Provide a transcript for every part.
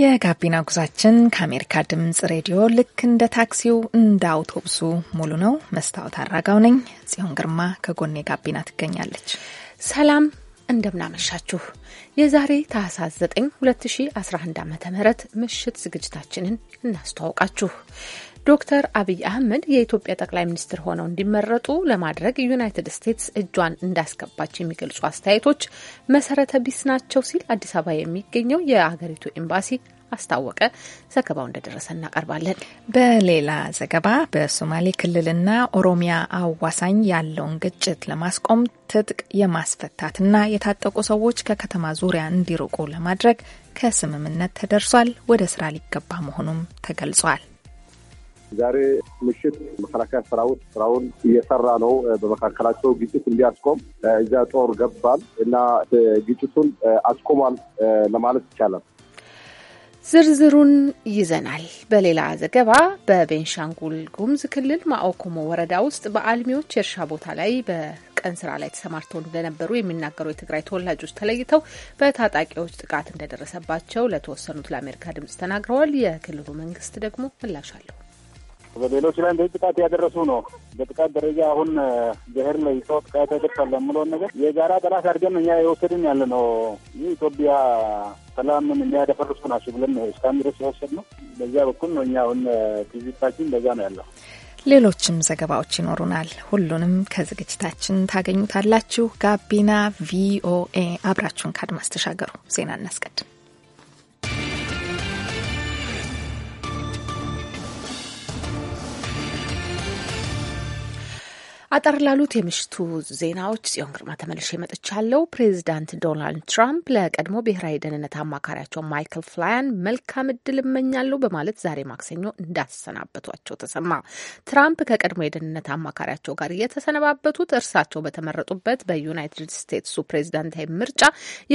የጋቢና ጉዛችን ከአሜሪካ ድምጽ ሬዲዮ ልክ እንደ ታክሲው እንደ አውቶቡሱ ሙሉ ነው። መስታወት አራጋው ነኝ። ጽዮን ግርማ ከጎኔ ጋቢና ትገኛለች። ሰላም እንደምናመሻችሁ። የዛሬ ታህሳስ 9 2011 ዓ ም ምሽት ዝግጅታችንን እናስተዋውቃችሁ። ዶክተር አብይ አህመድ የኢትዮጵያ ጠቅላይ ሚኒስትር ሆነው እንዲመረጡ ለማድረግ ዩናይትድ ስቴትስ እጇን እንዳስገባች የሚገልጹ አስተያየቶች መሰረተ ቢስ ናቸው ሲል አዲስ አበባ የሚገኘው የአገሪቱ ኤምባሲ አስታወቀ። ዘገባው እንደደረሰ እናቀርባለን። በሌላ ዘገባ በሶማሌ ክልልና ኦሮሚያ አዋሳኝ ያለውን ግጭት ለማስቆም ትጥቅ የማስፈታትና የታጠቁ ሰዎች ከከተማ ዙሪያ እንዲርቁ ለማድረግ ከስምምነት ተደርሷል። ወደ ስራ ሊገባ መሆኑም ተገልጿል። ዛሬ ምሽት መከላከያ ሰራዊት ስራውን እየሰራ ነው። በመካከላቸው ግጭት እንዲያስቆም እዚያ ጦር ገብቷል እና ግጭቱን አስቆሟል ለማለት ይቻላል። ዝርዝሩን ይዘናል። በሌላ ዘገባ በቤንሻንጉል ጉሙዝ ክልል ማኦኮሞ ወረዳ ውስጥ በአልሚዎች የእርሻ ቦታ ላይ በቀን ስራ ላይ ተሰማርተው እንደነበሩ የሚናገሩ የትግራይ ተወላጆች ተለይተው በታጣቂዎች ጥቃት እንደደረሰባቸው ለተወሰኑት ለአሜሪካ ድምጽ ተናግረዋል። የክልሉ መንግስት ደግሞ ምላሽ አለው። በሌሎች ላይ እንደዚህ ጥቃት ያደረሱ ነው። በጥቃት ደረጃ አሁን ብሔር ለይቶ ጥቃት ያደርሳል የምለውን ነገር የጋራ ጠላት አድርገን እኛ የወሰድን ያለ ነው። ይህ ኢትዮጵያ ሰላምን የሚያደፈርሱ ናቸው ብለን ነው እስካሁን ድረስ የወሰድ ነው። በዚያ በኩል ነው እኛ አሁን ትዝታችን በዛ ነው ያለው። ሌሎችም ዘገባዎች ይኖሩናል። ሁሉንም ከዝግጅታችን ታገኙታላችሁ። ጋቢና ቪኦኤ አብራችሁን ከአድማስ ተሻገሩ። ዜና እናስቀድም። አጠር ላሉት የምሽቱ ዜናዎች ጽዮን ግርማ ተመልሼ መጥቻለሁ። ፕሬዚዳንት ዶናልድ ትራምፕ ለቀድሞ ብሔራዊ ደህንነት አማካሪያቸው ማይክል ፍላያን መልካም እድል እመኛለሁ በማለት ዛሬ ማክሰኞ እንዳሰናበቷቸው ተሰማ። ትራምፕ ከቀድሞ የደህንነት አማካሪያቸው ጋር የተሰነባበቱት እርሳቸው በተመረጡበት በዩናይትድ ስቴትሱ ፕሬዚዳንታዊ ምርጫ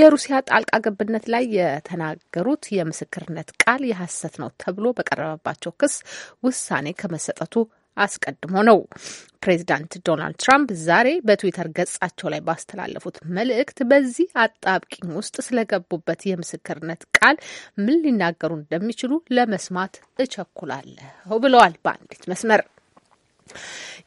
የሩሲያ ጣልቃ ገብነት ላይ የተናገሩት የምስክርነት ቃል የሐሰት ነው ተብሎ በቀረበባቸው ክስ ውሳኔ ከመሰጠቱ አስቀድሞ ነው። ፕሬዚዳንት ዶናልድ ትራምፕ ዛሬ በትዊተር ገጻቸው ላይ ባስተላለፉት መልእክት በዚህ አጣብቂኝ ውስጥ ስለገቡበት የምስክርነት ቃል ምን ሊናገሩ እንደሚችሉ ለመስማት እቸኩላለሁ ብለዋል። በአንዲት መስመር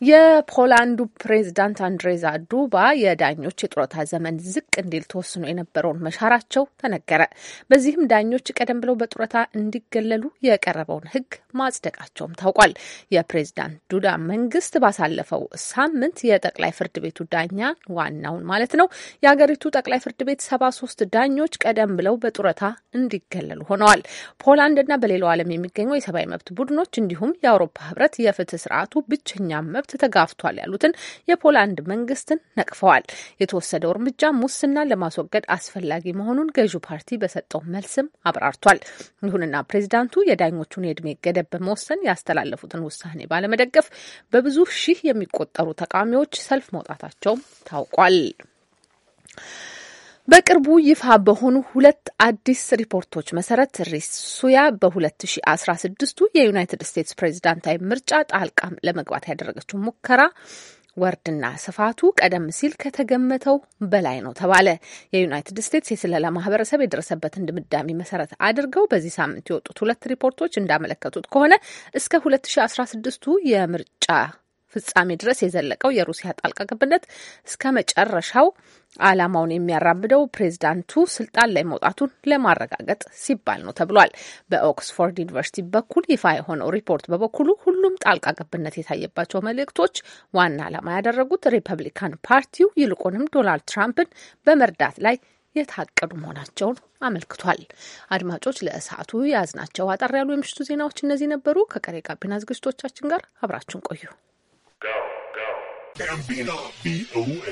የፖላንዱ ፕሬዝዳንት አንድሬዛ ዱባ የዳኞች የጡረታ ዘመን ዝቅ እንዲል ተወስኖ የነበረውን መሻራቸው ተነገረ። በዚህም ዳኞች ቀደም ብለው በጡረታ እንዲገለሉ የቀረበውን ሕግ ማጽደቃቸውም ታውቋል። የፕሬዝዳንት ዱዳ መንግስት ባሳለፈው ሳምንት የጠቅላይ ፍርድ ቤቱ ዳኛ ዋናውን ማለት ነው የሀገሪቱ ጠቅላይ ፍርድ ቤት ሰባ ሶስት ዳኞች ቀደም ብለው በጡረታ እንዲገለሉ ሆነዋል። ፖላንድና በሌላው ዓለም የሚገኙ የሰብአዊ መብት ቡድኖች እንዲሁም የአውሮፓ ህብረት የፍትህ ስርዓቱ ብቻ ብቸኛ መብት ተጋፍቷል ያሉትን የፖላንድ መንግስትን ነቅፈዋል። የተወሰደው እርምጃ ሙስናን ለማስወገድ አስፈላጊ መሆኑን ገዢው ፓርቲ በሰጠው መልስም አብራርቷል። ይሁንና ፕሬዚዳንቱ የዳኞቹን የእድሜ ገደብ በመወሰን ያስተላለፉትን ውሳኔ ባለመደገፍ በብዙ ሺህ የሚቆጠሩ ተቃዋሚዎች ሰልፍ መውጣታቸውም ታውቋል። በቅርቡ ይፋ በሆኑ ሁለት አዲስ ሪፖርቶች መሰረት ሪስ ሱያ በ 2016 የዩናይትድ ስቴትስ ፕሬዚዳንታዊ ምርጫ ጣልቃም ለመግባት ያደረገችው ሙከራ ወርድና ስፋቱ ቀደም ሲል ከተገመተው በላይ ነው ተባለ። የዩናይትድ ስቴትስ የስለላ ማህበረሰብ የደረሰበትን ድምዳሜ መሰረት አድርገው በዚህ ሳምንት የወጡት ሁለት ሪፖርቶች እንዳመለከቱት ከሆነ እስከ 2016ቱ የምርጫ ፍጻሜ ድረስ የዘለቀው የሩሲያ ጣልቃ ገብነት እስከ መጨረሻው ዓላማውን የሚያራምደው ፕሬዚዳንቱ ስልጣን ላይ መውጣቱን ለማረጋገጥ ሲባል ነው ተብሏል። በኦክስፎርድ ዩኒቨርሲቲ በኩል ይፋ የሆነው ሪፖርት በበኩሉ ሁሉም ጣልቃ ገብነት የታየባቸው መልእክቶች ዋና ዓላማ ያደረጉት ሪፐብሊካን ፓርቲው ይልቁንም ዶናልድ ትራምፕን በመርዳት ላይ የታቀዱ መሆናቸውን አመልክቷል። አድማጮች ለሰዓቱ የያዝናቸው አጠር ያሉ የምሽቱ ዜናዎች እነዚህ ነበሩ። ከቀሪ ጋቢና ዝግጅቶቻችን ጋር አብራችሁን ቆዩ። ጋቢና ቪኦኤ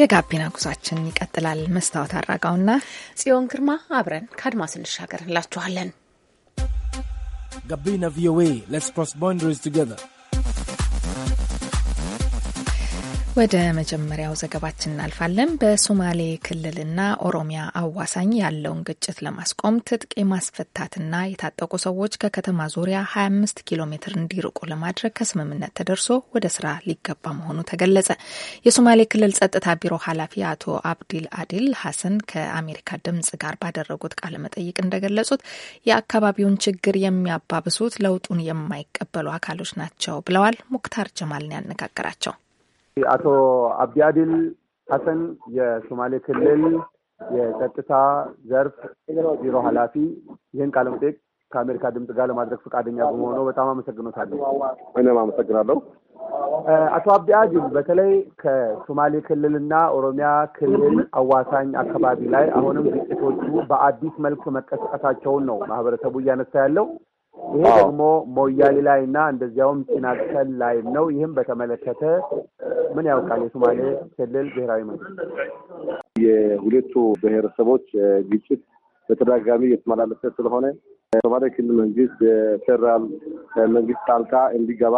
የጋቢና ጉዟችን ይቀጥላል። መስታወት አራጋውና ጽዮን ግርማ አብረን ከአድማስ እንሻገር እንላችኋለን። ጋቢና ቪኦኤ ሌትስ ክሮስ ባውንደሪስ ቱጌዘር ወደ መጀመሪያው ዘገባችን እናልፋለን። በሶማሌ ክልልና ኦሮሚያ አዋሳኝ ያለውን ግጭት ለማስቆም ትጥቅ የማስፈታትና የታጠቁ ሰዎች ከከተማ ዙሪያ 25 ኪሎ ሜትር እንዲርቁ ለማድረግ ከስምምነት ተደርሶ ወደ ስራ ሊገባ መሆኑ ተገለጸ። የሶማሌ ክልል ጸጥታ ቢሮ ኃላፊ አቶ አብዲል አዲል ሀሰን ከአሜሪካ ድምጽ ጋር ባደረጉት ቃለ መጠይቅ እንደገለጹት የአካባቢውን ችግር የሚያባብሱት ለውጡን የማይቀበሉ አካሎች ናቸው ብለዋል። ሙክታር ጀማል ያነጋገራቸው። አቶ አብዲ አዲል ሀሰን የሶማሌ ክልል የጸጥታ ዘርፍ ቢሮ ኃላፊ ይህን ቃለ መጠይቅ ከአሜሪካ ድምጽ ጋር ለማድረግ ፈቃደኛ በመሆኑ በጣም አመሰግኖታለሁ። እኔም አመሰግናለሁ። አቶ አብዲ አዲል በተለይ ከሶማሌ ክልልና ኦሮሚያ ክልል አዋሳኝ አካባቢ ላይ አሁንም ግጭቶቹ በአዲስ መልክ መቀስቀሳቸውን ነው ማህበረሰቡ እያነሳ ያለው። ይሄ ደግሞ ሞያሌ ላይ እና እንደዚያውም ጭናክሰል ላይም ነው። ይህም በተመለከተ ምን ያውቃል የሶማሌ ክልል ብሔራዊ መንግስት? የሁለቱ ብሔረሰቦች ግጭት በተደጋጋሚ እየተመላለሰ ስለሆነ የሶማሌ ክልል መንግስት የፌደራል መንግስት ጣልቃ እንዲገባ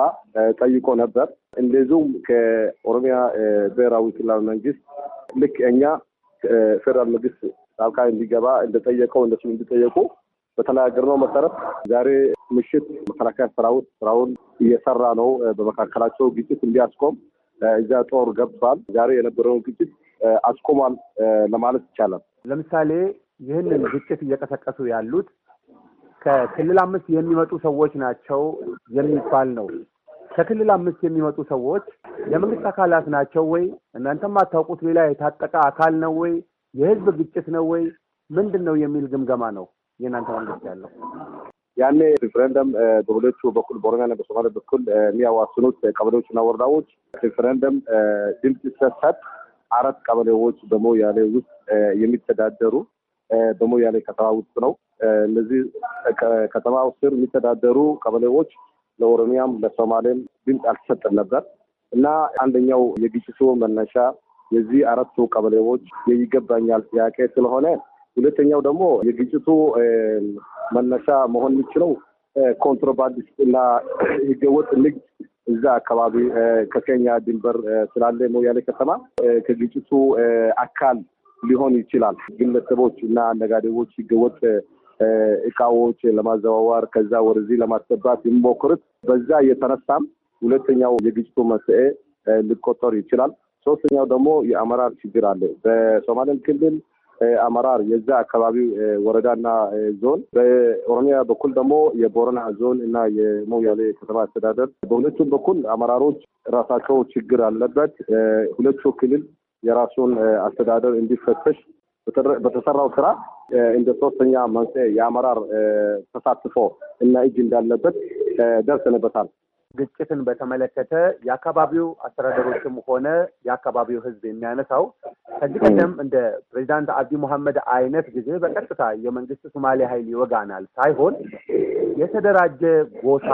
ጠይቆ ነበር። እንደዚሁም ከኦሮሚያ ብሔራዊ ክልላዊ መንግስት ልክ እኛ ፌደራል መንግስት ጣልቃ እንዲገባ እንደጠየቀው እንደሱም እንዲጠየቁ ነው መሰረት ዛሬ ምሽት መከላከያ ሰራዊት ስራውን እየሰራ ነው። በመካከላቸው ግጭት እንዲያስቆም እዚያ ጦር ገብቷል፣ ዛሬ የነበረውን ግጭት አስቆሟል ለማለት ይቻላል። ለምሳሌ ይህንን ግጭት እየቀሰቀሱ ያሉት ከክልል አምስት የሚመጡ ሰዎች ናቸው የሚባል ነው። ከክልል አምስት የሚመጡ ሰዎች የመንግስት አካላት ናቸው ወይ? እናንተ ማታውቁት ሌላ የታጠቀ አካል ነው ወይ? የህዝብ ግጭት ነው ወይ? ምንድን ነው የሚል ግምገማ ነው የእናንተ መንግስት ያለው? ያኔ ሪፍረንደም በሁለቱ በኩል በኦሮሚያና በሶማሌ በኩል የሚያዋስኑት ቀበሌዎችና ወረዳዎች ሪፍረንደም ድምፅ ሲሰጥ አራት ቀበሌዎች በሞያሌ ውስጥ የሚተዳደሩ በሞያሌ ከተማ ውስጥ ነው። እነዚህ ከተማ ስር የሚተዳደሩ ቀበሌዎች ለኦሮሚያም ለሶማሌም ድምፅ አልተሰጠም ነበር እና አንደኛው የግጭቱ መነሻ የዚህ አራቱ ቀበሌዎች የይገባኛል ጥያቄ ስለሆነ ሁለተኛው ደግሞ የግጭቱ መነሻ መሆን የሚችለው ኮንትሮባንድ እና ህገወጥ ንግድ እዛ አካባቢ ከኬንያ ድንበር ስላለ ሞያሌ ከተማ ከግጭቱ አካል ሊሆን ይችላል። ግለሰቦች እና ነጋዴዎች ህገወጥ እቃዎች ለማዘዋወር ከዛ ወደዚህ ለማስገባት የሚሞክሩት በዛ የተነሳም ሁለተኛው የግጭቱ መንስኤ ሊቆጠር ይችላል። ሶስተኛው ደግሞ የአመራር ችግር አለ በሶማሌን ክልል አመራር የዛ አካባቢ ወረዳና ዞን፣ በኦሮሚያ በኩል ደግሞ የቦረና ዞን እና የሞያሌ ከተማ አስተዳደር፣ በሁለቱም በኩል አመራሮች ራሳቸው ችግር አለበት። ሁለቱ ክልል የራሱን አስተዳደር እንዲፈተሽ በተሰራው ስራ እንደ ሶስተኛ መንስኤ የአመራር ተሳትፎ እና እጅ እንዳለበት ደርሰንበታል። ግጭትን በተመለከተ የአካባቢው አስተዳደሮችም ሆነ የአካባቢው ህዝብ የሚያነሳው ከዚህ ቀደም እንደ ፕሬዚዳንት አብዲ መሐመድ አይነት ጊዜ በቀጥታ የመንግስት ሶማሌ ኃይል ይወጋናል ሳይሆን የተደራጀ ጎሳ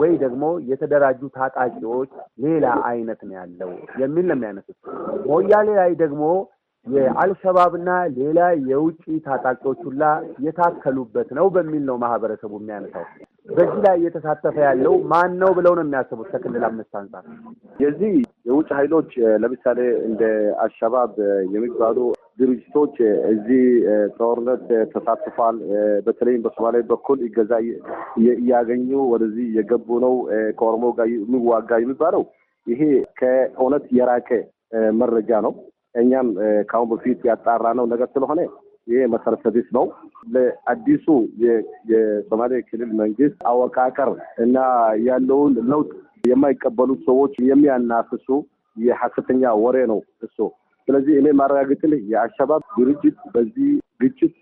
ወይ ደግሞ የተደራጁ ታጣቂዎች ሌላ አይነት ነው ያለው የሚል ነው የሚያነሱት። ሞያሌ ላይ ደግሞ የአልሸባብና ሌላ የውጭ ታጣቂዎች ሁላ የታከሉበት ነው በሚል ነው ማህበረሰቡ የሚያነሳው። በዚህ ላይ እየተሳተፈ ያለው ማን ነው ብለው ነው የሚያስቡት? ከክልል አምስት አንጻር የዚህ የውጭ ኃይሎች ለምሳሌ እንደ አሸባብ የሚባሉ ድርጅቶች እዚህ ጦርነት ተሳትፏል። በተለይም በሶማሌ በኩል ይገዛ እያገኙ ወደዚህ የገቡ ነው ከኦሮሞ ጋር የሚዋጋ የሚባለው ይሄ ከእውነት የራቀ መረጃ ነው። እኛም ከአሁን በፊት ያጣራ ነው ነገር ስለሆነ ይሄ መሰረተ ቢስ ነው። ለአዲሱ የሶማሌ ክልል መንግስት አወቃቀር እና ያለውን ለውጥ የማይቀበሉት ሰዎች የሚያናፍሱ የሐሰተኛ ወሬ ነው እሱ። ስለዚህ እኔ ማረጋገጥልህ የአሸባብ ድርጅት በዚህ ግጭት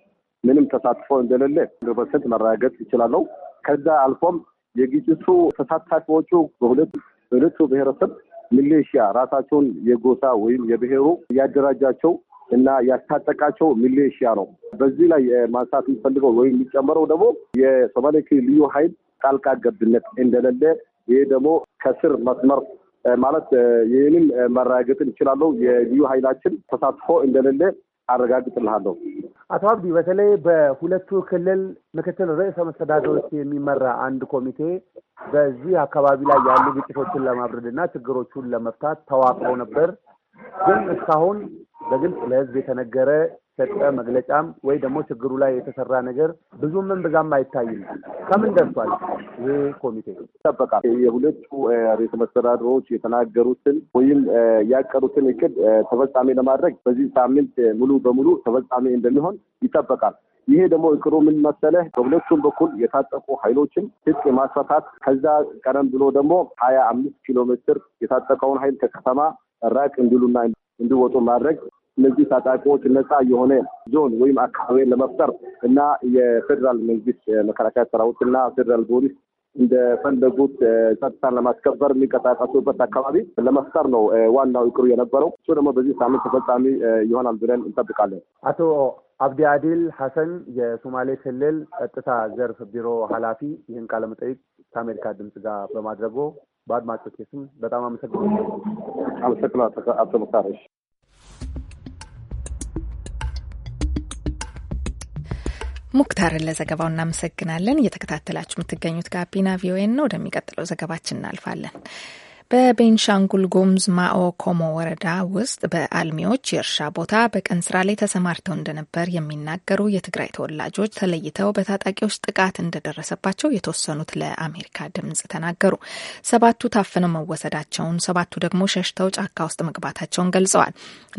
ምንም ተሳትፎ እንደሌለ አንድ ፐርሰንት መረጋገጥ ይችላለሁ። ከዛ አልፎም የግጭቱ ተሳታፊዎቹ በሁለቱ በሁለቱ ብሔረሰብ ሚሊሽያ ራሳቸውን የጎሳ ወይም የብሔሩ ያደራጃቸው እና ያስታጠቃቸው ሚሊሽያ ነው። በዚህ ላይ ማንሳት የሚፈልገው ወይም የሚጨመረው ደግሞ የሶማሌ ክልል ልዩ ኃይል ጣልቃ ገብነት እንደሌለ ይሄ ደግሞ ከስር መስመር ማለት ይህንን መረጋገጥን ይችላለሁ። የልዩ ኃይላችን ተሳትፎ እንደሌለ አረጋግጥልሃለሁ። አቶ አብዲ፣ በተለይ በሁለቱ ክልል ምክትል ርዕሰ መስተዳደሮች የሚመራ አንድ ኮሚቴ በዚህ አካባቢ ላይ ያሉ ግጭቶችን ለማብረድ እና ችግሮቹን ለመፍታት ተዋቅሮ ነበር። ግን እስካሁን በግልጽ ለህዝብ የተነገረ ሰጠ መግለጫም ወይ ደግሞ ችግሩ ላይ የተሰራ ነገር ብዙም ምን ብዛም አይታይም። ከምን ደርሷል ይህ ኮሚቴ ይጠበቃል። የሁለቱ ቤተ መስተዳድሮች የተናገሩትን ወይም ያቀዱትን እቅድ ተፈጻሚ ለማድረግ በዚህ ሳምንት ሙሉ በሙሉ ተፈጻሚ እንደሚሆን ይጠበቃል። ይሄ ደግሞ እቅሩ ምን መሰለህ፣ በሁለቱም በኩል የታጠቁ ኃይሎችን ትጥቅ የማስፈታት ከዛ ቀደም ብሎ ደግሞ ሀያ አምስት ኪሎ ሜትር የታጠቀውን ኃይል ከከተማ ራቅ እንዲሉና እንዲወጡ ማድረግ እነዚህ ታጣቂዎች ነፃ የሆነ ዞን ወይም አካባቢ ለመፍጠር እና የፌዴራል መንግስት መከላከያ እና ፌዴራል ፖሊስ እንደፈለጉት ጸጥታን ለማስከበር የሚንቀሳቀሱበት አካባቢ ለመፍጠር ነው ዋናው ይቅሩ የነበረው። እሱ ደግሞ በዚህ ሳምንት ተፈጻሚ ይሆናል ብለን እንጠብቃለን። አቶ አብዲ አዲል ሐሰን የሶማሌ ክልል ጸጥታ ዘርፍ ቢሮ ኃላፊ ይህን ቃለመጠይቅ ከአሜሪካ ድምፅ ጋር በማድረጎ በአድማጮች ስም በጣም አመሰግናለሁ። አቶ ሙካረሽ። ሙክታርን ለዘገባው እናመሰግናለን። እየተከታተላችሁ የምትገኙት ጋቢና ቪኦኤ ነው። ወደሚቀጥለው ዘገባችን እናልፋለን። በቤንሻንጉል ጉሙዝ ማኦ ኮሞ ወረዳ ውስጥ በአልሚዎች የእርሻ ቦታ በቀን ስራ ላይ ተሰማርተው እንደነበር የሚናገሩ የትግራይ ተወላጆች ተለይተው በታጣቂዎች ጥቃት እንደደረሰባቸው የተወሰኑት ለአሜሪካ ድምጽ ተናገሩ። ሰባቱ ታፍነው መወሰዳቸውን፣ ሰባቱ ደግሞ ሸሽተው ጫካ ውስጥ መግባታቸውን ገልጸዋል።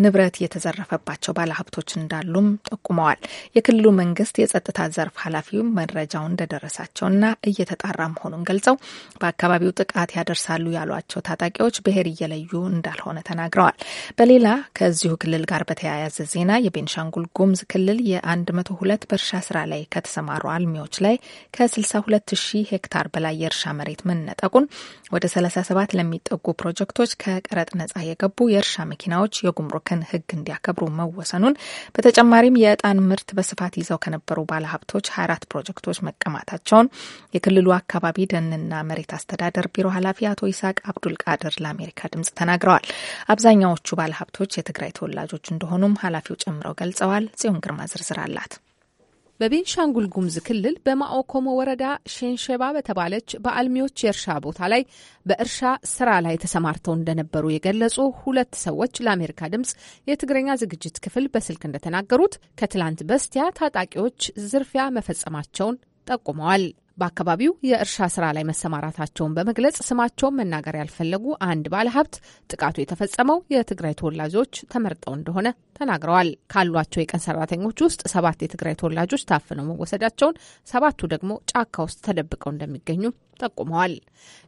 ንብረት የተዘረፈባቸው ባለሀብቶች እንዳሉም ጠቁመዋል። የክልሉ መንግስት የጸጥታ ዘርፍ ኃላፊው መረጃው እንደደረሳቸውና እየተጣራ መሆኑን ገልጸው በአካባቢው ጥቃት ያደርሳሉ ያሏቸው ያላቸው ታጣቂዎች ብሔር እየለዩ እንዳልሆነ ተናግረዋል። በሌላ ከዚሁ ክልል ጋር በተያያዘ ዜና የቤንሻንጉል ጉምዝ ክልል የ102 በእርሻ ስራ ላይ ከተሰማሩ አልሚዎች ላይ ከ62 ሺህ ሄክታር በላይ የእርሻ መሬት መነጠቁን፣ ወደ 37 ለሚጠጉ ፕሮጀክቶች ከቀረጥ ነጻ የገቡ የእርሻ መኪናዎች የጉምሩክን ሕግ እንዲያከብሩ መወሰኑን፣ በተጨማሪም የእጣን ምርት በስፋት ይዘው ከነበሩ ባለሀብቶች 24 ፕሮጀክቶች መቀማታቸውን የክልሉ አካባቢ ደንና መሬት አስተዳደር ቢሮ ኃላፊ አቶ ይስሐቅ አብዱ ቃድር ለአሜሪካ ድምጽ ተናግረዋል። አብዛኛዎቹ ባለሀብቶች የትግራይ ተወላጆች እንደሆኑም ኃላፊው ጨምረው ገልጸዋል። ጽዮን ግርማ ዝርዝር አላት። በቤንሻንጉል ጉሙዝ ክልል በማኦኮሞ ወረዳ ሼንሸባ በተባለች በአልሚዎች የእርሻ ቦታ ላይ በእርሻ ስራ ላይ ተሰማርተው እንደነበሩ የገለጹ ሁለት ሰዎች ለአሜሪካ ድምጽ የትግረኛ ዝግጅት ክፍል በስልክ እንደተናገሩት ከትላንት በስቲያ ታጣቂዎች ዝርፊያ መፈጸማቸውን ጠቁመዋል። በአካባቢው የእርሻ ስራ ላይ መሰማራታቸውን በመግለጽ ስማቸውን መናገር ያልፈለጉ አንድ ባለሀብት ጥቃቱ የተፈጸመው የትግራይ ተወላጆች ተመርጠው እንደሆነ ተናግረዋል። ካሏቸው የቀን ሰራተኞች ውስጥ ሰባት የትግራይ ተወላጆች ታፍነው መወሰዳቸውን፣ ሰባቱ ደግሞ ጫካ ውስጥ ተደብቀው እንደሚገኙ ጠቁመዋል።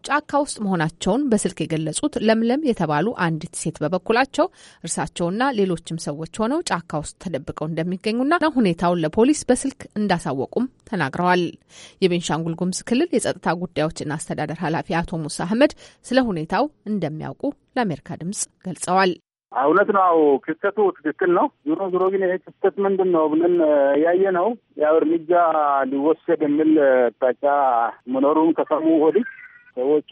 ጫካ ውስጥ መሆናቸውን በስልክ የገለጹት ለምለም የተባሉ አንዲት ሴት በበኩላቸው እርሳቸውና ሌሎችም ሰዎች ሆነው ጫካ ውስጥ ተደብቀው እንደሚገኙና ሁኔታውን ለፖሊስ በስልክ እንዳሳወቁም ተናግረዋል። ቤንሻንጉል ጉሙዝ ክልል የጸጥታ ጉዳዮችና አስተዳደር ኃላፊ አቶ ሙሳ አህመድ ስለ ሁኔታው እንደሚያውቁ ለአሜሪካ ድምጽ ገልጸዋል። እውነት ነው። ክስተቱ ትክክል ነው። ዞሮ ዞሮ ግን ይሄ ክስተት ምንድን ነው ብለን ያየ ነው ያው እርምጃ ሊወሰድ የሚል እቅጣጫ መኖሩን ከሰሙ ወዲህ ሰዎቹ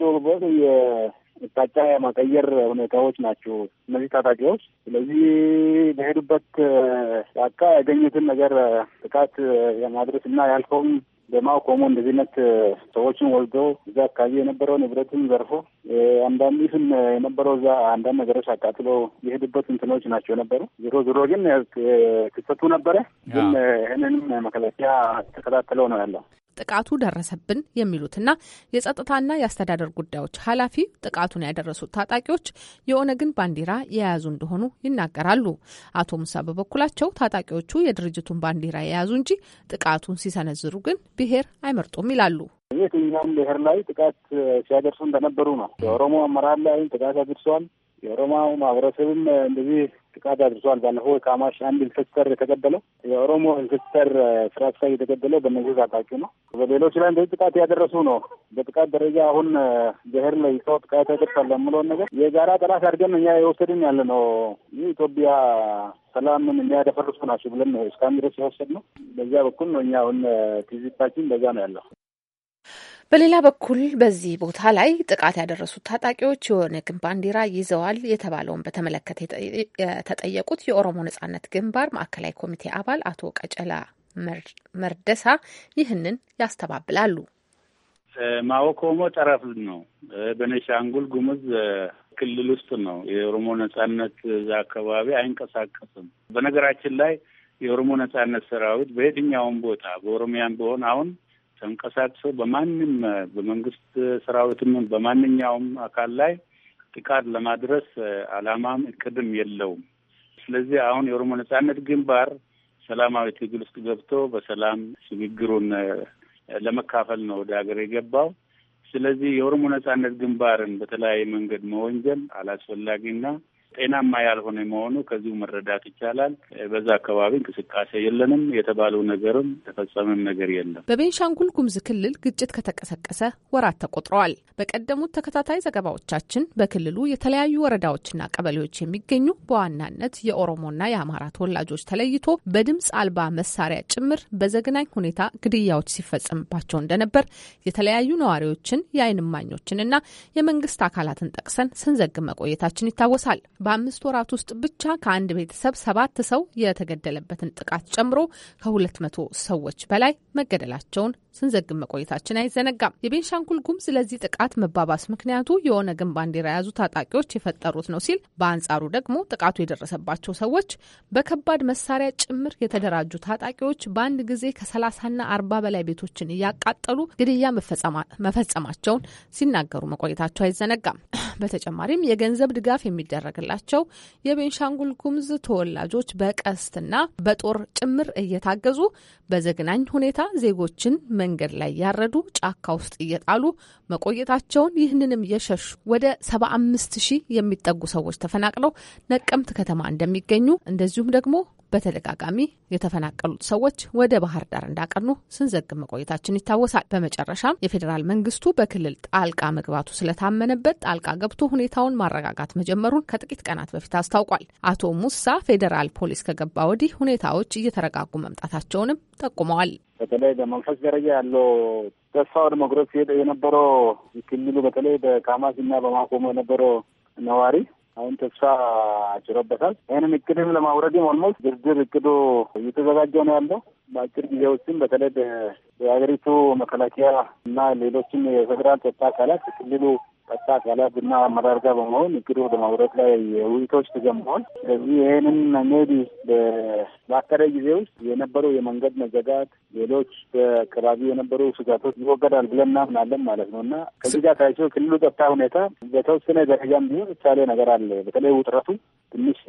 እቅጣጫ የማቀየር ሁኔታዎች ናቸው እነዚህ ታጣቂዎች። ስለዚህ በሄዱበት ጫካ ያገኙትን ነገር ጥቃት የማድረስ እና ያልከውም በማቆሙ እንደዚህ አይነት ሰዎችን ወስዶ እዛ አካባቢ የነበረው ንብረትን ዘርፎ አንዳንዲህም የነበረው እዛ አንዳንድ ነገሮች አቃጥሎ የሄዱበት እንትኖች ናቸው የነበሩ ዞሮ ዞሮ ግን ክስተቱ ነበረ። ግን ይህንንም መከላከያ ተከታተለው ነው ያለው። ጥቃቱ ደረሰብን የሚሉትና የጸጥታና የአስተዳደር ጉዳዮች ኃላፊ ጥቃቱን ያደረሱት ታጣቂዎች የኦነግን ባንዲራ የያዙ እንደሆኑ ይናገራሉ። አቶ ሙሳ በበኩላቸው ታጣቂዎቹ የድርጅቱን ባንዲራ የያዙ እንጂ ጥቃቱን ሲሰነዝሩ ግን ብሔር አይመርጡም ይላሉ። የትኛውም ብሔር ላይ ጥቃት ሲያደርሱ እንደነበሩ ነው። የኦሮሞ አመራር ላይ ጥቃት አድርሷል። የኦሮሞ ማህበረሰብም እንደዚህ ጥቃት አድርሷል። ባለፈው ከአማሽ አንድ ኢንስፔክተር የተገደለው የኦሮሞ ኢንቨስተር ስራ አስኪያጅ የተገደለው በእነዚህ ታጣቂ ነው። በሌሎች ላይ እንደዚህ ጥቃት ያደረሱ ነው። በጥቃት ደረጃ አሁን ብሔር ላይ ሰው ጥቃት ያደርሳል የምለውን ነገር የጋራ ጠላት አድርገን እኛ የወሰድን ያለ ነው። ይህ ኢትዮጵያ ሰላምን የሚያደፈርሱ ናቸው ብለን ነው እስካሁን ድረስ የወሰድ ነው። በዚያ በኩል ነው እኛ አሁን ትዝታችን በዛ ነው ያለው። በሌላ በኩል በዚህ ቦታ ላይ ጥቃት ያደረሱት ታጣቂዎች የኦነግን ባንዲራ ይዘዋል የተባለውን በተመለከተ የተጠየቁት የኦሮሞ ነጻነት ግንባር ማዕከላዊ ኮሚቴ አባል አቶ ቀጨላ መርደሳ ይህንን ያስተባብላሉ። ማወኮሞ ጠረፍ ነው። በነሻንጉል ጉሙዝ ክልል ውስጥ ነው። የኦሮሞ ነጻነት እዛ አካባቢ አይንቀሳቀስም። በነገራችን ላይ የኦሮሞ ነጻነት ሰራዊት በየትኛውም ቦታ በኦሮሚያን በሆን አሁን ተንቀሳቅሰው በማንም በመንግስት ሰራዊትም በማንኛውም አካል ላይ ጥቃት ለማድረስ አላማም እቅድም የለውም። ስለዚህ አሁን የኦሮሞ ነጻነት ግንባር ሰላማዊ ትግል ውስጥ ገብቶ በሰላም ሽግግሩን ለመካፈል ነው ወደ ሀገር የገባው። ስለዚህ የኦሮሞ ነጻነት ግንባርን በተለያየ መንገድ መወንጀል አላስፈላጊና ጤናማ ያልሆነ መሆኑ ከዚሁ መረዳት ይቻላል። በዛ አካባቢ እንቅስቃሴ የለንም የተባለው ነገርም ተፈጸመም ነገር የለም። በቤንሻንጉል ጉሙዝ ክልል ግጭት ከተቀሰቀሰ ወራት ተቆጥረዋል። በቀደሙት ተከታታይ ዘገባዎቻችን በክልሉ የተለያዩ ወረዳዎችና ቀበሌዎች የሚገኙ በዋናነት የኦሮሞና የአማራ ተወላጆች ተለይቶ በድምፅ አልባ መሳሪያ ጭምር በዘግናኝ ሁኔታ ግድያዎች ሲፈጸምባቸው እንደነበር የተለያዩ ነዋሪዎችን የአይን እማኞችንና የመንግስት አካላትን ጠቅሰን ስንዘግብ መቆየታችን ይታወሳል። በአምስት ወራት ውስጥ ብቻ ከአንድ ቤተሰብ ሰባት ሰው የተገደለበትን ጥቃት ጨምሮ ከሁለት መቶ ሰዎች በላይ መገደላቸውን ስንዘግብ መቆየታችን አይዘነጋም። የቤንሻንጉል ጉሙዝ ለዚህ ጥቃት መባባስ ምክንያቱ የኦነግን ባንዲራ የያዙ ታጣቂዎች የፈጠሩት ነው ሲል፣ በአንጻሩ ደግሞ ጥቃቱ የደረሰባቸው ሰዎች በከባድ መሳሪያ ጭምር የተደራጁ ታጣቂዎች በአንድ ጊዜ ከሰላሳና አርባ በላይ ቤቶችን እያቃጠሉ ግድያ መፈጸማቸውን ሲናገሩ መቆየታቸው አይዘነጋም። በተጨማሪም የገንዘብ ድጋፍ የሚደረግላቸው የቤንሻንጉል ጉሙዝ ተወላጆች በቀስትና በጦር ጭምር እየታገዙ በዘግናኝ ሁኔታ ዜጎችን መንገድ ላይ ያረዱ ጫካ ውስጥ እየጣሉ መቆየታቸውን ይህንንም የሸሹ ወደ 75 ሺህ የሚጠጉ ሰዎች ተፈናቅለው ነቀምት ከተማ እንደሚገኙ እንደዚሁም ደግሞ በተደጋጋሚ የተፈናቀሉት ሰዎች ወደ ባህር ዳር እንዳቀኑ ስንዘግብ መቆየታችን ይታወሳል። በመጨረሻም የፌዴራል መንግስቱ በክልል ጣልቃ መግባቱ ስለታመነበት ጣልቃ ገብቶ ሁኔታውን ማረጋጋት መጀመሩን ከጥቂት ቀናት በፊት አስታውቋል። አቶ ሙሳ ፌዴራል ፖሊስ ከገባ ወዲህ ሁኔታዎች እየተረጋጉ መምጣታቸውንም ጠቁመዋል። በተለይ በመንፈስ ደረጃ ያለው ተስፋ ወደ መጉረስ ሲሄድ የነበረው ክልሉ በተለይ በካማስ በማቆሙ የነበረው ነዋሪ አሁን ተስፋ ጭሮበታል። ይህንን እቅድም ለማውረድም ኦልሞስት ዝርዝር እቅዱ እየተዘጋጀ ነው ያለው። በአጭር ጊዜ ውስጥም በተለይ የሀገሪቱ መከላከያ እና ሌሎችም የፌዴራል ጸጥታ አካላት ክልሉ ቀጥታ አካላት እና አመራር ጋር በመሆን እቅድ ወደ ማውረድ ላይ ውይይቶች ተጀምሯል። ስለዚህ ይህንን ሜቢ በአጠረ ጊዜ ውስጥ የነበረው የመንገድ መዘጋት፣ ሌሎች በአካባቢ የነበሩ ስጋቶች ይወገዳል ብለን እናምናለን ማለት ነው እና ከዚህ ጋር ታይቶ ክልሉ ጸጥታ ሁኔታ በተወሰነ ደረጃም ቢሆን የተሻለ ነገር አለ። በተለይ ውጥረቱ ትንሽ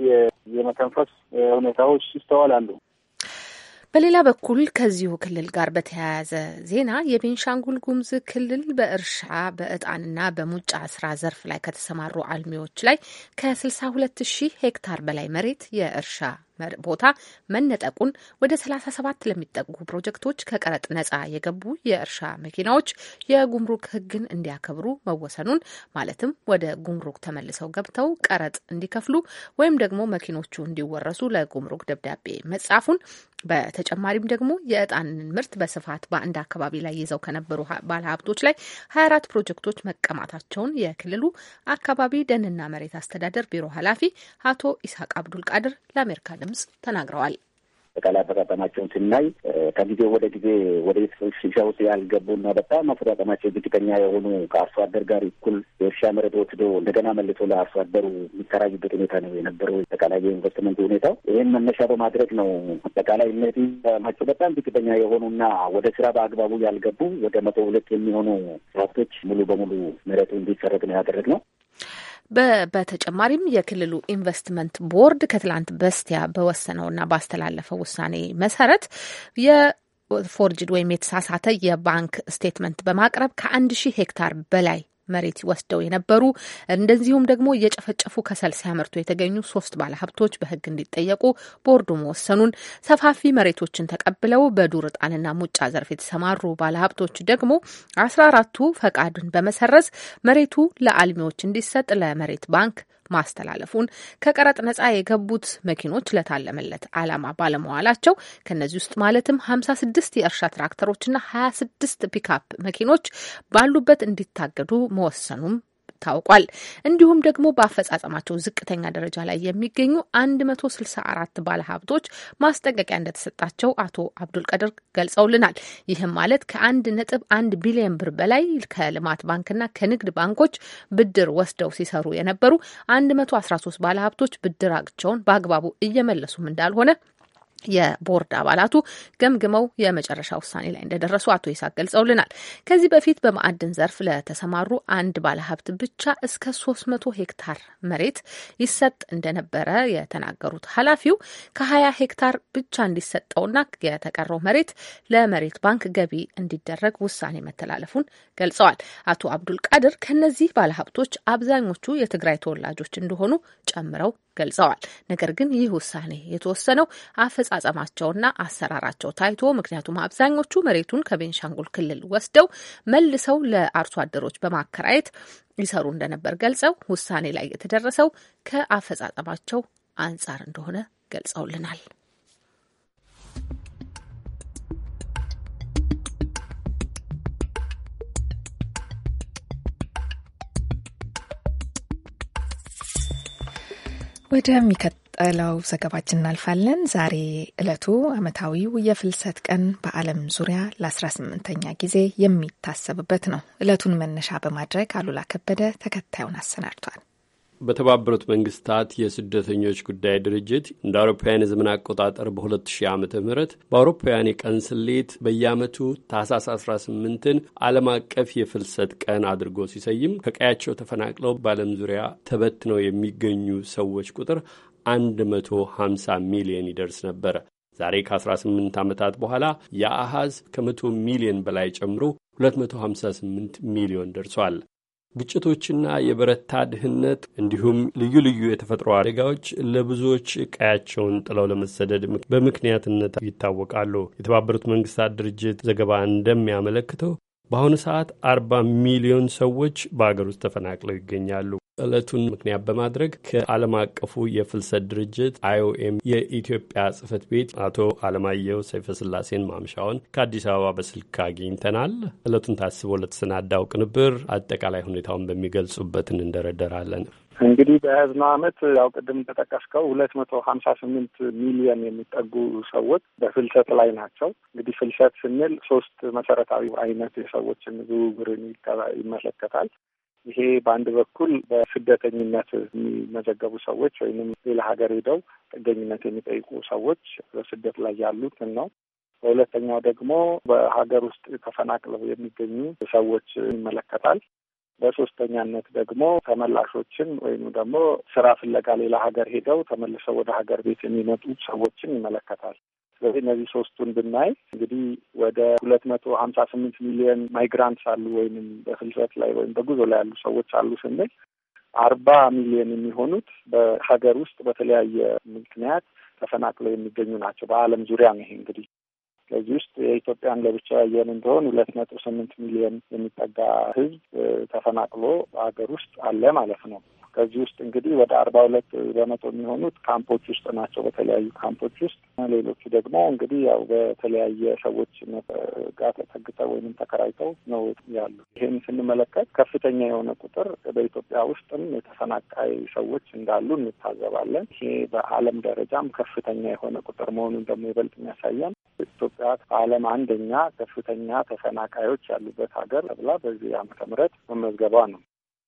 የመተንፈስ ሁኔታዎች ይስተዋላሉ። በሌላ በኩል ከዚሁ ክልል ጋር በተያያዘ ዜና የቤንሻንጉል ጉምዝ ክልል በእርሻ በእጣንና በሙጫ ስራ ዘርፍ ላይ ከተሰማሩ አልሚዎች ላይ ከ62 ሺህ ሄክታር በላይ መሬት የእርሻ ቦታ መነጠቁን ወደ 37 ለሚጠጉ ፕሮጀክቶች ከቀረጥ ነጻ የገቡ የእርሻ መኪናዎች የጉምሩክ ሕግን እንዲያከብሩ መወሰኑን ማለትም ወደ ጉምሩክ ተመልሰው ገብተው ቀረጥ እንዲከፍሉ ወይም ደግሞ መኪኖቹ እንዲወረሱ ለጉምሩክ ደብዳቤ መጻፉን በተጨማሪም ደግሞ የእጣንን ምርት በስፋት በአንድ አካባቢ ላይ ይዘው ከነበሩ ባለሀብቶች ላይ 24 ፕሮጀክቶች መቀማታቸውን የክልሉ አካባቢ ደንና መሬት አስተዳደር ቢሮ ኃላፊ አቶ ኢስሐቅ አብዱል ቃድር ለአሜሪካ ድምፅ ተናግረዋል። ጠቃላይ አፈጣጠማቸውን ስናይ ከጊዜ ወደ ጊዜ ወደ እርሻ ውስጥ ያልገቡና በጣም አፈጣጠማቸው ዝቅተኛ የሆኑ ከአርሶ አደር ጋር እኩል የእርሻ መሬት ወስዶ እንደገና መልሶ ለአርሶ አደሩ የሚከራይበት ሁኔታ ነው የነበረው። ጠቃላይ የኢንቨስትመንት ሁኔታው ይህን መነሻ በማድረግ ነው። ጠቃላይ እነዚህ ማቸው በጣም ዝቅተኛ የሆኑና ወደ ስራ በአግባቡ ያልገቡ ወደ መቶ ሁለት የሚሆኑ ሀብቶች ሙሉ በሙሉ መሬቱ እንዲሰረግ ነው ያደረግ ነው። በተጨማሪም የክልሉ ኢንቨስትመንት ቦርድ ከትላንት በስቲያ በወሰነውና ባስተላለፈው ውሳኔ መሰረት ፎርጅድ ወይም የተሳሳተ የባንክ ስቴትመንት በማቅረብ ከአንድ ሺህ ሄክታር በላይ መሬት ወስደው የነበሩ እንደዚሁም ደግሞ እየጨፈጨፉ ከሰል ሲያመርቱ የተገኙ ሶስት ባለሀብቶች በህግ እንዲጠየቁ ቦርዱ መወሰኑን፣ ሰፋፊ መሬቶችን ተቀብለው በዱር እጣንና ሙጫ ዘርፍ የተሰማሩ ባለሀብቶች ደግሞ አስራ አራቱ ፈቃድን በመሰረዝ መሬቱ ለአልሚዎች እንዲሰጥ ለመሬት ባንክ ማስተላለፉን ከቀረጥ ነጻ የገቡት መኪኖች ለታለመለት ዓላማ ባለመዋላቸው ከነዚህ ውስጥ ማለትም 56 የእርሻ ትራክተሮችና 26 ፒካፕ መኪኖች ባሉበት እንዲታገዱ መወሰኑም ታውቋል። እንዲሁም ደግሞ በአፈጻጸማቸው ዝቅተኛ ደረጃ ላይ የሚገኙ 164 ባለሀብቶች ማስጠንቀቂያ እንደተሰጣቸው አቶ አብዱልቀድር ቀድር ገልጸውልናል። ይህም ማለት ከአንድ ነጥብ አንድ ቢሊዮን ብር በላይ ከልማት ባንክና ከንግድ ባንኮች ብድር ወስደው ሲሰሩ የነበሩ 113 ባለሀብቶች ብድራቸውን በአግባቡ እየመለሱም እንዳልሆነ የቦርድ አባላቱ ገምግመው የመጨረሻ ውሳኔ ላይ እንደደረሱ አቶ ይስሐቅ ገልጸውልናል። ከዚህ በፊት በማዕድን ዘርፍ ለተሰማሩ አንድ ባለሀብት ብቻ እስከ ሶስት መቶ ሄክታር መሬት ይሰጥ እንደነበረ የተናገሩት ኃላፊው ከሀያ ሄክታር ብቻ እንዲሰጠውና የተቀረው መሬት ለመሬት ባንክ ገቢ እንዲደረግ ውሳኔ መተላለፉን ገልጸዋል። አቶ አብዱል ቃድር ከነዚህ ባለሀብቶች አብዛኞቹ የትግራይ ተወላጆች እንደሆኑ ጨምረው ገልጸዋል። ነገር ግን ይህ ውሳኔ የተወሰነው አፈጻጸማቸውና አሰራራቸው ታይቶ ምክንያቱም አብዛኞቹ መሬቱን ከቤንሻንጉል ክልል ወስደው መልሰው ለአርሶ አደሮች በማከራየት ይሰሩ እንደነበር ገልጸው ውሳኔ ላይ የተደረሰው ከአፈጻጸማቸው አንጻር እንደሆነ ገልጸውልናል። ወደሚቀጥለው ዘገባችን እናልፋለን። ዛሬ ዕለቱ ዓመታዊው የፍልሰት ቀን በዓለም ዙሪያ ለ18ኛ ጊዜ የሚታሰብበት ነው። ዕለቱን መነሻ በማድረግ አሉላ ከበደ ተከታዩን አሰናድቷል። በተባበሩት መንግስታት የስደተኞች ጉዳይ ድርጅት እንደ አውሮፓውያን የዘመን አቆጣጠር በ2000 ዓ ም በአውሮፓውያን የቀን ስሌት በየዓመቱ ታህሳስ 18ን ዓለም አቀፍ የፍልሰት ቀን አድርጎ ሲሰይም ከቀያቸው ተፈናቅለው በዓለም ዙሪያ ተበትነው የሚገኙ ሰዎች ቁጥር 150 ሚሊዮን ይደርስ ነበር። ዛሬ ከ18 ዓመታት በኋላ የአሃዝ ከ100 ሚሊዮን በላይ ጨምሮ 258 ሚሊዮን ደርሷል። ግጭቶችና የበረታ ድህነት እንዲሁም ልዩ ልዩ የተፈጥሮ አደጋዎች ለብዙዎች ቀያቸውን ጥለው ለመሰደድ በምክንያትነት ይታወቃሉ። የተባበሩት መንግስታት ድርጅት ዘገባ እንደሚያመለክተው በአሁኑ ሰዓት አርባ ሚሊዮን ሰዎች በአገር ውስጥ ተፈናቅለው ይገኛሉ። ዕለቱን ምክንያት በማድረግ ከዓለም አቀፉ የፍልሰት ድርጅት አይኦኤም የኢትዮጵያ ጽህፈት ቤት አቶ አለማየሁ ሰይፈስላሴን ማምሻውን ከአዲስ አበባ በስልክ አግኝተናል። ዕለቱን ታስቦ ለተሰናዳው ቅንብር አጠቃላይ ሁኔታውን በሚገልጹበትን እንደረደራለን። እንግዲህ በያዝነው ዓመት ያው ቅድም እንደጠቀስከው ሁለት መቶ ሀምሳ ስምንት ሚሊዮን የሚጠጉ ሰዎች በፍልሰት ላይ ናቸው። እንግዲህ ፍልሰት ስንል ሶስት መሰረታዊ አይነት የሰዎችን ዝውውርን ይመለከታል። ይሄ በአንድ በኩል በስደተኝነት የሚመዘገቡ ሰዎች ወይም ሌላ ሀገር ሄደው ጥገኝነት የሚጠይቁ ሰዎች በስደት ላይ ያሉትን ነው። በሁለተኛው ደግሞ በሀገር ውስጥ ተፈናቅለው የሚገኙ ሰዎች ይመለከታል። በሶስተኛነት ደግሞ ተመላሾችን ወይም ደግሞ ስራ ፍለጋ ሌላ ሀገር ሄደው ተመልሰው ወደ ሀገር ቤት የሚመጡ ሰዎችን ይመለከታል። ስለዚህ እነዚህ ሶስቱን ብናይ እንግዲህ ወደ ሁለት መቶ ሀምሳ ስምንት ሚሊዮን ማይግራንትስ አሉ ወይም በፍልሰት ላይ ወይም በጉዞ ላይ ያሉ ሰዎች አሉ ስንል አርባ ሚሊዮን የሚሆኑት በሀገር ውስጥ በተለያየ ምክንያት ተፈናቅለው የሚገኙ ናቸው። በዓለም ዙሪያ ነው ይሄ እንግዲህ ከዚህ ውስጥ የኢትዮጵያን ለብቻ ያየን እንደሆን ሁለት ነጥብ ስምንት ሚሊዮን የሚጠጋ ሕዝብ ተፈናቅሎ በሀገር ውስጥ አለ ማለት ነው። ከዚህ ውስጥ እንግዲህ ወደ አርባ ሁለት በመቶ የሚሆኑት ካምፖች ውስጥ ናቸው፣ በተለያዩ ካምፖች ውስጥ ሌሎቹ ደግሞ እንግዲህ ያው በተለያየ ሰዎች ጋር ተጠግተው ወይም ተከራይተው ነው ያሉ። ይህን ስንመለከት ከፍተኛ የሆነ ቁጥር በኢትዮጵያ ውስጥም የተፈናቃይ ሰዎች እንዳሉ እንታዘባለን። ይሄ በዓለም ደረጃም ከፍተኛ የሆነ ቁጥር መሆኑን ደግሞ ይበልጥ የሚያሳየን ኢትዮጵያ በዓለም አንደኛ ከፍተኛ ተፈናቃዮች ያሉበት ሀገር ተብላ በዚህ ዓመተ ምህረት መመዝገቧ ነው።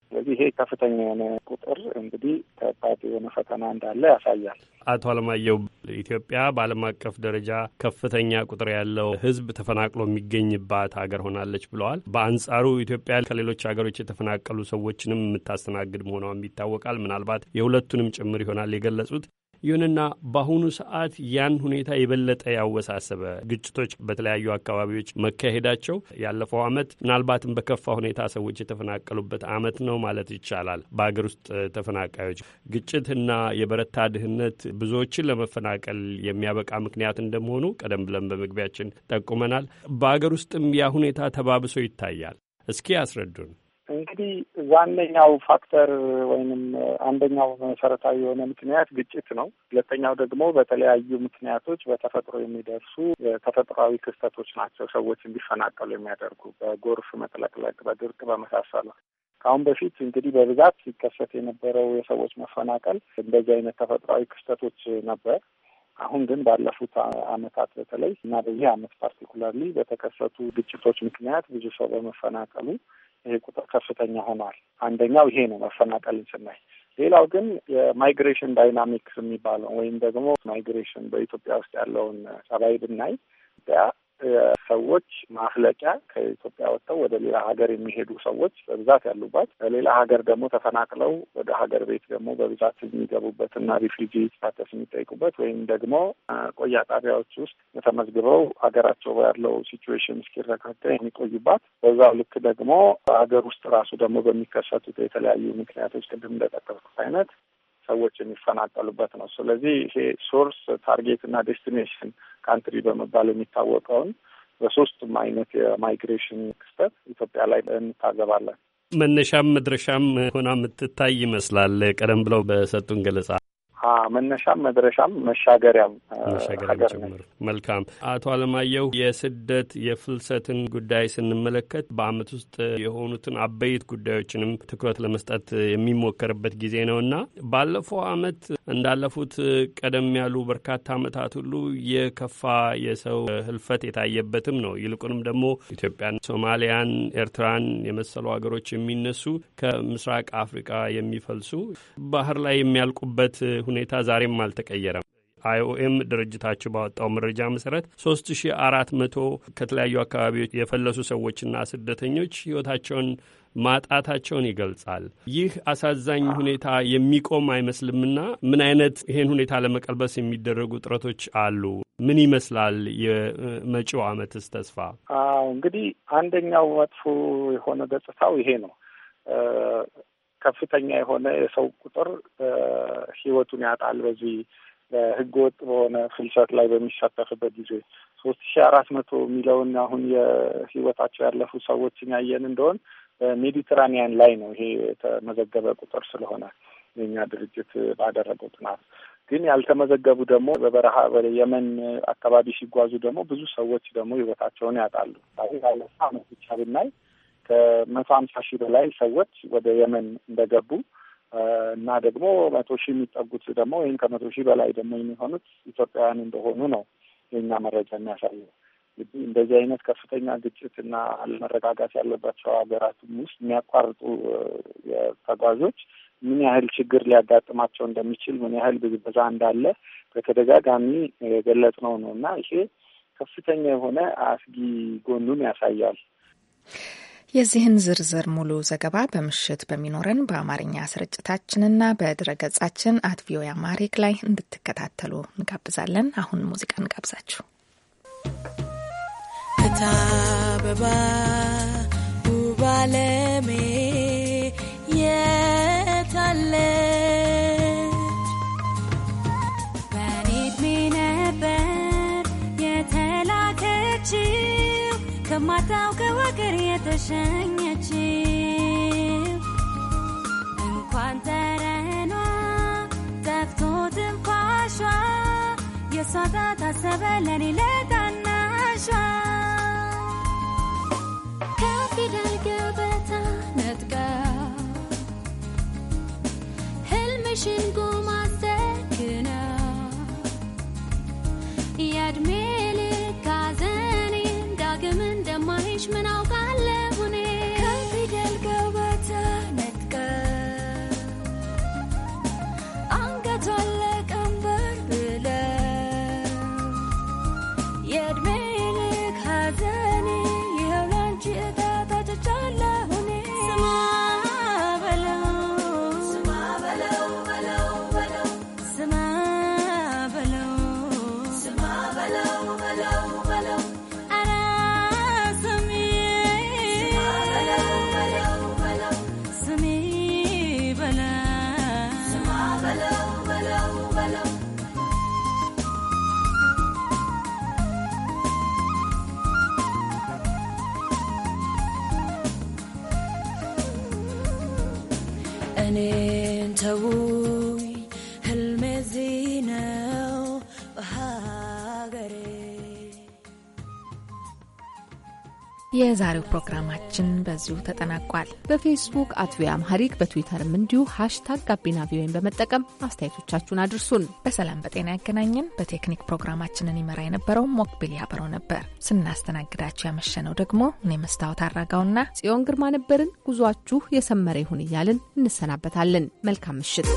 ስለዚህ ይሄ ከፍተኛ የሆነ ቁጥር እንግዲህ ከባድ የሆነ ፈተና እንዳለ ያሳያል። አቶ አለማየሁ ኢትዮጵያ በዓለም አቀፍ ደረጃ ከፍተኛ ቁጥር ያለው ሕዝብ ተፈናቅሎ የሚገኝባት ሀገር ሆናለች ብለዋል። በአንጻሩ ኢትዮጵያ ከሌሎች ሀገሮች የተፈናቀሉ ሰዎችንም የምታስተናግድ መሆኗም ይታወቃል። ምናልባት የሁለቱንም ጭምር ይሆናል የገለጹት። ይሁንና በአሁኑ ሰዓት ያን ሁኔታ የበለጠ ያወሳሰበ ግጭቶች በተለያዩ አካባቢዎች መካሄዳቸው ያለፈው ዓመት ምናልባትም በከፋ ሁኔታ ሰዎች የተፈናቀሉበት ዓመት ነው ማለት ይቻላል። በሀገር ውስጥ ተፈናቃዮች ግጭትና የበረታ ድህነት ብዙዎችን ለመፈናቀል የሚያበቃ ምክንያት እንደመሆኑ ቀደም ብለን በመግቢያችን ጠቁመናል። በሀገር ውስጥም ያ ሁኔታ ተባብሶ ይታያል። እስኪ ያስረዱን። እንግዲህ ዋነኛው ፋክተር ወይንም አንደኛው መሰረታዊ የሆነ ምክንያት ግጭት ነው። ሁለተኛው ደግሞ በተለያዩ ምክንያቶች በተፈጥሮ የሚደርሱ ተፈጥሯዊ ክስተቶች ናቸው ሰዎች እንዲፈናቀሉ የሚያደርጉ በጎርፍ መጥለቅለቅ፣ በድርቅ በመሳሰሉ ከአሁን በፊት እንግዲህ በብዛት ሲከሰት የነበረው የሰዎች መፈናቀል እንደዚህ አይነት ተፈጥሯዊ ክስተቶች ነበር። አሁን ግን ባለፉት አመታት በተለይ እና በዚህ አመት ፓርቲኩላርሊ በተከሰቱ ግጭቶች ምክንያት ብዙ ሰው በመፈናቀሉ ይሄ ቁጥር ከፍተኛ ሆኗል። አንደኛው ይሄ ነው መፈናቀልን ስናይ። ሌላው ግን የማይግሬሽን ዳይናሚክስ የሚባለው ወይም ደግሞ ማይግሬሽን በኢትዮጵያ ውስጥ ያለውን ሰባይ ብናይ ኢትዮጵያ ሰዎች ማፍለቂያ ከኢትዮጵያ ወጥተው ወደ ሌላ ሀገር የሚሄዱ ሰዎች በብዛት ያሉባት ከሌላ ሀገር ደግሞ ተፈናቅለው ወደ ሀገር ቤት ደግሞ በብዛት የሚገቡበት እና ሪፊጂ ስታተስ የሚጠይቁበት ወይም ደግሞ ቆያ ጣቢያዎች ውስጥ ተመዝግበው ሀገራቸው ያለው ሲትዌሽን እስኪረጋጋ የሚቆዩባት፣ በዛው ልክ ደግሞ ሀገር ውስጥ ራሱ ደግሞ በሚከሰቱት የተለያዩ ምክንያቶች ቅድም እንደጠቀስኩት አይነት ሰዎች የሚፈናቀሉበት ነው። ስለዚህ ይሄ ሶርስ ታርጌት እና ዴስቲኔሽን ካንትሪ በመባል የሚታወቀውን በሶስቱም አይነት የማይግሬሽን ክስተት ኢትዮጵያ ላይ እንታዘባለን። መነሻም መድረሻም ሆና የምትታይ ይመስላል። ቀደም ብለው በሰጡን ገለጻ መነሻም መድረሻም መሻገሪያም ሀገር መልካም አቶ አለማየሁ የስደት የፍልሰትን ጉዳይ ስንመለከት በአመት ውስጥ የሆኑትን አበይት ጉዳዮችንም ትኩረት ለመስጠት የሚሞከርበት ጊዜ ነው እና ባለፈው አመት እንዳለፉት ቀደም ያሉ በርካታ ዓመታት ሁሉ የከፋ የሰው ህልፈት የታየበትም ነው። ይልቁንም ደግሞ ኢትዮጵያን፣ ሶማሊያን፣ ኤርትራን የመሰሉ ሀገሮች የሚነሱ ከምስራቅ አፍሪቃ የሚፈልሱ ባህር ላይ የሚያልቁበት ሁኔታ ዛሬም አልተቀየረም። አይኦኤም ድርጅታቸው ባወጣው መረጃ መሰረት 3400 ከተለያዩ አካባቢዎች የፈለሱ ሰዎችና ስደተኞች ህይወታቸውን ማጣታቸውን ይገልጻል። ይህ አሳዛኝ ሁኔታ የሚቆም አይመስልምና ምን አይነት ይህን ሁኔታ ለመቀልበስ የሚደረጉ ጥረቶች አሉ? ምን ይመስላል የመጪው አመትስ ተስፋ? አዎ እንግዲህ አንደኛው መጥፎ የሆነ ገጽታው ይሄ ነው። ከፍተኛ የሆነ የሰው ቁጥር ህይወቱን ያጣል። በዚህ ህገ ወጥ በሆነ ፍልሰት ላይ በሚሳተፍበት ጊዜ ሶስት ሺ አራት መቶ የሚለውን አሁን የህይወታቸው ያለፉ ሰዎችን ያየን እንደሆን በሜዲትራኒያን ላይ ነው ይሄ የተመዘገበ ቁጥር ስለሆነ የኛ ድርጅት ባደረገው ጥናት ግን ያልተመዘገቡ ደግሞ በበረሃ ወደ የመን አካባቢ ሲጓዙ ደግሞ ብዙ ሰዎች ደግሞ ህይወታቸውን ያጣሉ። ባለፈው አመት ብቻ ብናይ ከመቶ ሀምሳ ሺህ በላይ ሰዎች ወደ የመን እንደገቡ እና ደግሞ መቶ ሺህ የሚጠጉት ደግሞ ወይም ከመቶ ሺህ በላይ ደግሞ የሚሆኑት ኢትዮጵያውያን እንደሆኑ ነው የእኛ መረጃ የሚያሳየው። እንግዲህ እንደዚህ አይነት ከፍተኛ ግጭት እና አለመረጋጋት ያለባቸው ሀገራትም ውስጥ የሚያቋርጡ ተጓዦች ምን ያህል ችግር ሊያጋጥማቸው እንደሚችል ምን ያህል ብዝበዛ እንዳለ በተደጋጋሚ ነው ነው እና ይሄ ከፍተኛ የሆነ አስጊ ጎኑን ያሳያል። የዚህን ዝርዝር ሙሉ ዘገባ በምሽት በሚኖረን በአማርኛ ስርጭታችንና በድረገጻችን አት ቪኦኤ አማሪክ ላይ እንድትከታተሉ እንጋብዛለን። አሁን ሙዚቃ እንጋብዛችሁ። ከታበባ ውባለሜ የታለ ከማታውቀው ሀገር የተሸኘችው እንኳን ተረኗ ጠፍቶ ትንፋሿ የእሷ ታታሰበ ለኔ ለታናሿ ከፊደል ገበታ ነጥቃ ህልምሽን into የዛሬው ፕሮግራማችን በዚሁ ተጠናቋል። በፌስቡክ አት ቪኦኤ አምሃሪክ በትዊተርም እንዲሁ ሃሽታግ ጋቢና ቪኦኤን በመጠቀም አስተያየቶቻችሁን አድርሱን። በሰላም በጤና ያገናኘን። በቴክኒክ ፕሮግራማችንን ይመራ የነበረው ሞክቢል ያበረው ነበር። ስናስተናግዳችሁ ያመሸነው ደግሞ እኔ መስታወት አራጋውና ጽዮን ግርማ ነበርን። ጉዟችሁ የሰመረ ይሁን እያልን እንሰናበታለን። መልካም ምሽት።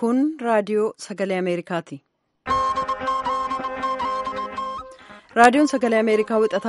Kun raadiyoo sagalee Ameerikaati. Raadiyoon sagalee Ameerikaa wixataa